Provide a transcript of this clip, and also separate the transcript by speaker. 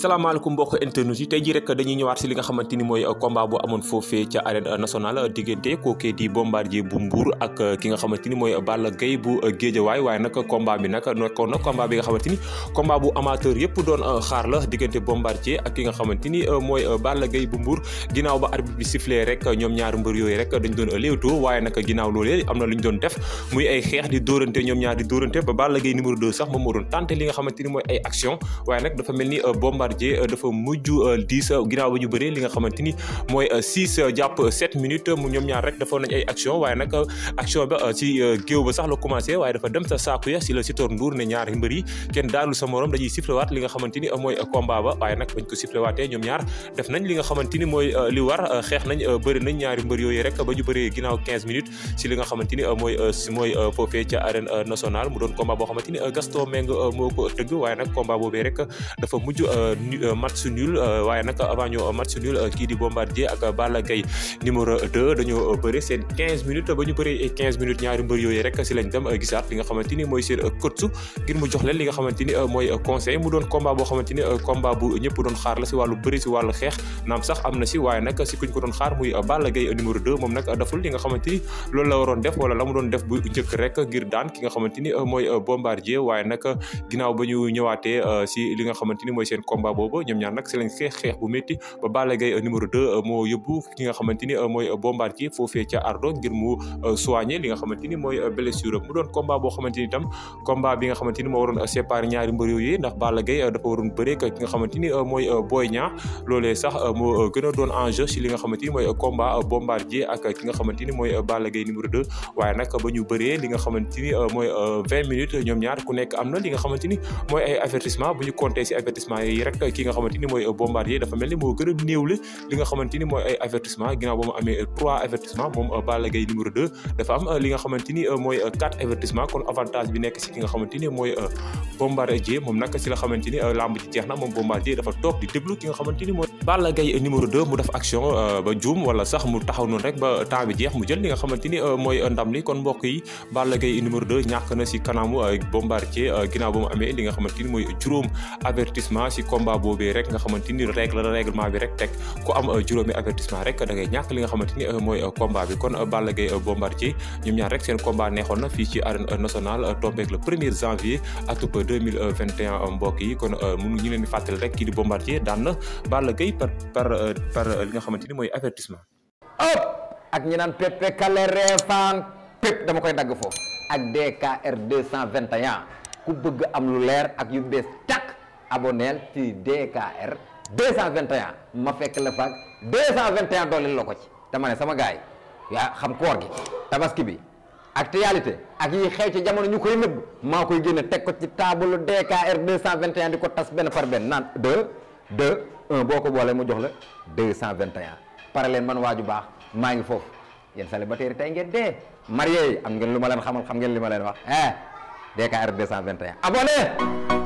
Speaker 1: salaamaaleykum mbokk internet yi tey jii rek dañuy ñëwaat si li nga xamante ni mooy combat bu amoon foofee ca arène nationale diggante kookee di bombardier nga xamante ni mooy Balla Gaye bu géejawaay waaye nag combat bi nag nekkoon na combat bi nga xamante ni combat bu amateur yëpp doon xaar la diggante bombardier ak ki nga xamante ni mooy Balla Gaye bu mbuur ginnaaw ba arbitre bi sifflé rek ñoom ñaar mbër yooyu rek dañ doon léewtoo waaye nag ginnaaw loolee am na lu ñu doon def muy ay xeex di dóorante ñoom ñaar di dóorante ba Balla Gaye numéro 2 sax moom moo li nga xamante ni mooy ay action waaye nag dafa mel ni bombardier Bombardier euh, dafa mujj euh, diis euh, ginnaaw ba ñu bëree li nga xamante ni mooy six jàpp sept minutes mu ñoom ñaar rek defoon nañ ay action waaye nag action ba ci géew ba sax la commencé waaye dafa dem sa saaku ya si la si nduur ne ñaari mbër kenn daalu sa morom dañuy sifflewaat li nga mooy combat waaye nag bañ nañ ñaari mbër yooyu rek ba ñu bëree minutes si li nga mooy mooy foofee ca arène nationale mu doon combat boo xamante Meng moo ko Euh, match nul euh, waaye nag avant ñoo match nul euh, kii di Bombardier ak Balla Gaye numéro 2 dañoo bëri seen 15 minutes ba ñu bëri 15 minutes ñaari mbër yooyu rek si lañ dem gisaat li nga xamante ni mooy seen coach ngir nga xamante ni mooy conseil mu doon combat boo xamante ni combat bu ñëpp doon xaar la si wàllu bëri si wàllu xeex naam sax am na waaye nag ko doon xaar muy Balla Gaye numéro 2 moom nag daful li nga xamante ni loolu la waroon def wala la doon def bu njëkk rek ngir daan ki nga xamante ni mooy Bombardier waaye nag ginnaaw ba ñu ñëwaatee si li nga xamante ni mooy seen combat combat boobu ñoom ñaar nag si lañ xeex xeex bu métti ba Balla Gaye euh, numéro 2 euh, moo yóbbu ki nga xamante ni euh, mooy Bombardier foofee ca Ardo li nga xamante ni mooy blessure mu doon combat boo a doon enjeu ba ñu bëree li nga xamante ni mooy vingt minutes ñoom ñaar ku nekk am na li nga xamante mooy avertissement bu ñu compté si avertissement yi rek nag ki nga xamante ni mooy bombardier dafa mel ni moo gën a néewle li nga xamante ni mooy ay avertissement ginnaaw euh, dafa am euh, ni euh, mooy bi nekk si ki nga xamante ni mooy bombardier moom nag si la jeex na moom bombardier dafa toog di déglu ki nga xamante ni mooy Balla Gaye numéro deux mu def action ba juum wala sax mu taxaw noonu rek ba temps bi jeex mu jël li nga xamante ni mooy ndam li kon mbokk yi Balla Gaye numéro deux ñàkk na si kanamu bombardier ginnaaw ba mu amee li nga xamante ni mooy juróom avertissement si combat combat boobee rek nga xamante ni règle règlement bi rek teg ku am euh, juróomi avertissement rek da ngay ñàkk li nga xamante ni euh, mooy euh, combat bi kon Balla Gaye Bombardier ñoom ñaar rek seen combat neexoon na fii ci arène nationale tombeek le premier janvier atub 2021 kon mun ñu rek kii Bombardier daan na Balla par par li nga xamante mooy avertissement
Speaker 2: ak ñi pepe kale reefaan dama koy dagg foofu ak DKR 221 ku bëgg am lu leer ak yu bees tàkk aboneel ci DKR 221 ma fekk la faag 221 dooleel la ko ci dama sama gars yi yaa xam koor gi tabaski bi ak actualité ak yi xew ci jamono ñu koy nëbb maa koy génne teg ko ci taabalu DKR 221 di ko tas benn par benn naan 2 2 boo ko boolee mu jox la 221 pare leen man waaju baax maa ngi foofu yéen célibataire tey ngeen dee marié yi am ngeen lu ma leen xamal xam ngeen li ma leen wax eh DKR 221 abonné